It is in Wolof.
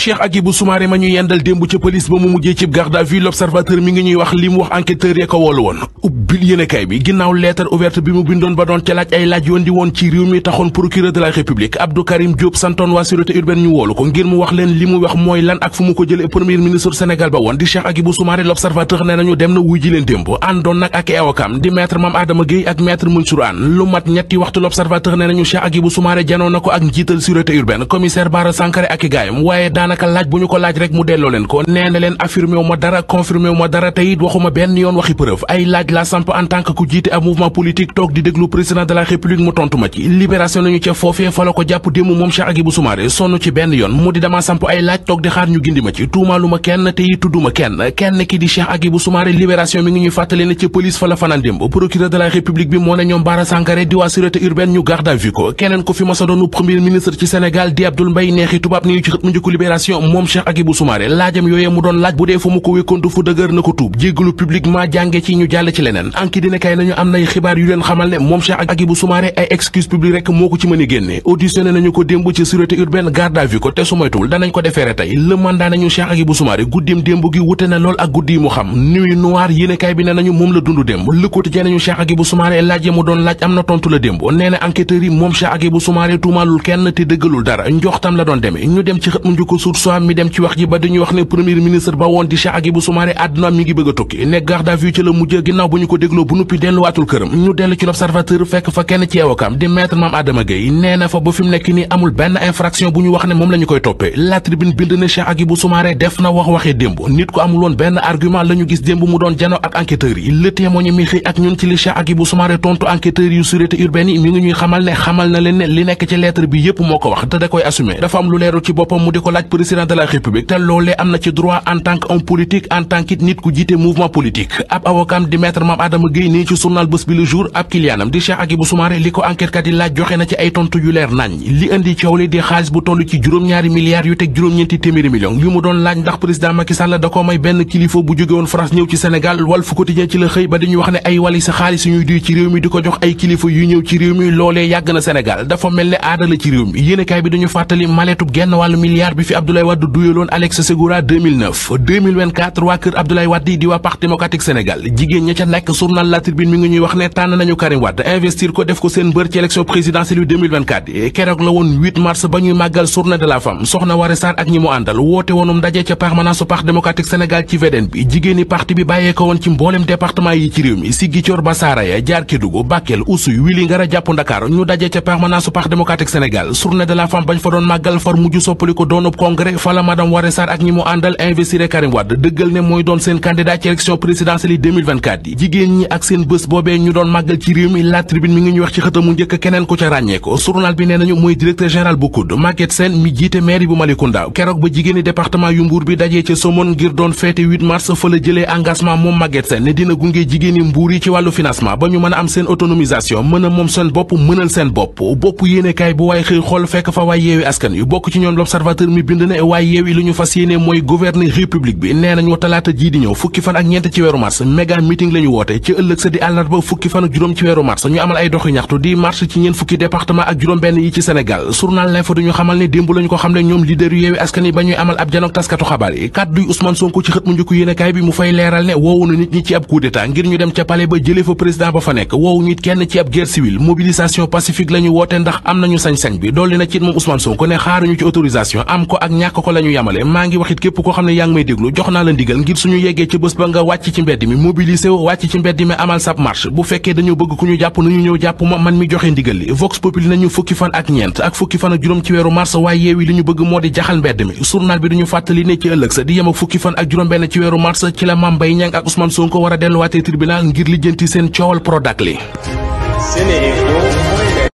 Cheikh Agibou Soumaré ma ñu yendal démb ca police ba mu mujjee ci garde l'observateur mi ngi ñuy wax li mu wax enquêteur ya ko woolu woon ubbil yéenekaay bi ginnaaw lettre ouverte bi mu bindoon ba doon ca laaj ay laaj yoon di woon ci réew mi taxoon procureur de la république Abdou Karim santoon waa sûreté urbaine ñu woolu ko ngir mu wax leen li mu wax mooy lan ak fu mu ko jële premier ministre Sénégal ba woon di Cheikh Agibou Soumaré l'observateur ne Sankare ak i gaayam waaye daanaka laaj bu ñu ko laaj rek mu delloo leen ko nee leen affirmé dara confirmé dara te waxuma benn yoon waxi preuve ay laaj la samp en tant que jiite ab mouvement politique toog di déglu président de la mu tontu ci libération nañu ca foofee fa ko jàpp démb moom Cheikh Agibou Soumaré sonn ci benn yoon mu di dama samp ay laaj toog di xaar ñu gindi ma ci tuumaalu kenn te tudduma kenn kenn ki waxi tubaab ni ñu ci xët mu njëkko libération bu dee fu mu ko wékkoon du fu dëgër na ko tuub jéggalu publiquement jànge ci ñu jàll ci moom Cheikh a génne auditionné gi wute lool ak yi mu xam nuit moom la dund démb le quotidien nañu Cheikh mu doon laaj am na tontu la démb nee na enquêteurs yi moom Cheikh Agibou Soumaré tuumaalul kenn te dëggalul dara njoxtam la doon doon demee ñu dem ci xët mu njëkk suur soi mi dem ci wax ji ba dañuy wax ne premier ministre ba woon di Cheikh Hadjibou Soumaré àdduna mi ngi bëgg ne garde bu ñu ko dégloo bu nuppi delluwaatul këram ñu dellu ci l'observateur fekk fa kenn ceewakam di maître Mame Adama Gueye nee na fa ba fi mu nekk ni amul benn infraction bu ñu wax ne moom la ñu koy toppee la tribune bind ne Cheikh Hadjibou Soumaré def na wax waxee démb nit ko amul woon benn argument la ñu gis démb mu doon jano ak enquêteurs yi le témoin mi ak ñun ci li Cheikh tontu enquêteurs yu sûreté urbaine ñuy xamal ne xamal na leen li nekk ci lettre bi yépp moo ko wax te da koy assumer dafa lu leeru ci boppam mu di ko laaj président de république te loolee am na ci droit en tant que politique en tant que nit ku jiite mouvement politique ab avocat di maître Mame Adama Guèye ci journal Bës Bi Le Jour ab kiliyaanam di Cheikh Agibou Soumaré li ko enquêtekat yi laaj joxe na ci ay tontu yu leer nañ li indi coow li di xaalis bu toll ci juróom-ñaari milliards yu teg juróom-ñeenti téeméeri millions yu mu doon laaj ndax président Macky Sall da ko may benn kilifa bu jóge woon France ñëw ci Sénégal mi di ko jox ay kilifa yu ñëw ci réew mi loolee na Sénégal dafa mel ne aada la ci réew mi yéenekaay xeetu genn wàllu milliard bi fi Abdoulaye Wade duyaloon Alex Segura 2009 2024 waa kër Abdoulaye Wade di waa Parti démocratique Sénégal jigéen ña ca nekk journal La Tribune mi ngi ñuy wax ne tànn nañu Karim Wade investir ko def ko seen mbër ci élection présidentielle yu keroog la woon 8 ba ñuy màggal journée de la soxna Waré Sarr ak ñi mu àndal woote woonum ndaje ca permanence su Parti démocratique Sénégal ci VDN bi jigéeni parti bi bàyyee woon ci mboolem département yi ci réew mi Ziguinchor ba Saraya jaar Kédougou Bakel far mujj soppali ko doonub congrès fala madame Waré Sarr ak ñi mu àndal investir Karim Wade dëggal ne mooy doon seen candidat ci élection présidentielle yi jigéen ñi ak seen bés boobee ñu doon màggal ci réew mi la tribune mi ngi ñu wax ci xëtamu njëkk keneen ko ca ràññee ko journal bi nee nañu mooy directeur général bu COUD Maguette Sène mi jiite mairie bu Malicounda keroog ba jigéeni département yu Mbour bi dajee ca Somone ngir doon feete 8 mars fa jëlee engagement moom Maguette Sène ne dina gunge jigéeni Mbour yi ci ba ñu mën a am seen autonomisation mën a moom seen bopp mënal seen bopp bopp yéene kaay bu waay xëy xool fekk fa waay yeewi askan yu bokk ci ñoom l'observateur mi bind ne waaye yeew yi lu ñu fas yéene mooy gouverner république bi nee nañu talaata jii di ñëw fukki fan ak ñeent ci weeru mars méga meeting la ñu woote ci ëllëg sa di àllarba fukki fan ak juróom ci weeru mars ñu amal ay doxi ñaxtu di marche ci ñeen fukki département ak juróom benn yi ci Sénégal journal l'info duñu xamal ne démb lañu ko xam ne ñoom leader yu yeewi askan yi ba ñuy amal ab janook taskatu xabaar yi kàdduy Ousmane Sonko ci xët leeral ne woowu na nit ñi ci ab ngir ñu dem ca palais ba jëlee fa président ba fa nekk woowu ñu kenn ci ab guerre civile mobilisation lañu woote ndax am nañu sañ-sañ bi dolli na ci moom Ousmane Sonko xaaruñu ci autorisation am ko ak ñàkk ko la ñu yamale maa ngi waxit képp koo xam ne yaa ngi may déglu jox naa la ndigal ngir suñu yeggee ci bés ba nga wàcc ci mbedd mi mobilisé wu wàcc ci mbedd mi amal sab marche bu fekkee dañoo bëgg ku ñu jàpp nañu ñëw jàpp ma man mi joxe ndigal li vox populi nañu fukki fan ak ñeent ak fukki fan ak juróom ci weeru mars waaye yeewi li ñu bëgg moo di jaxal mbedd mi journal bi duñu fàttali ne ci ëllëg sa di yem fukki fan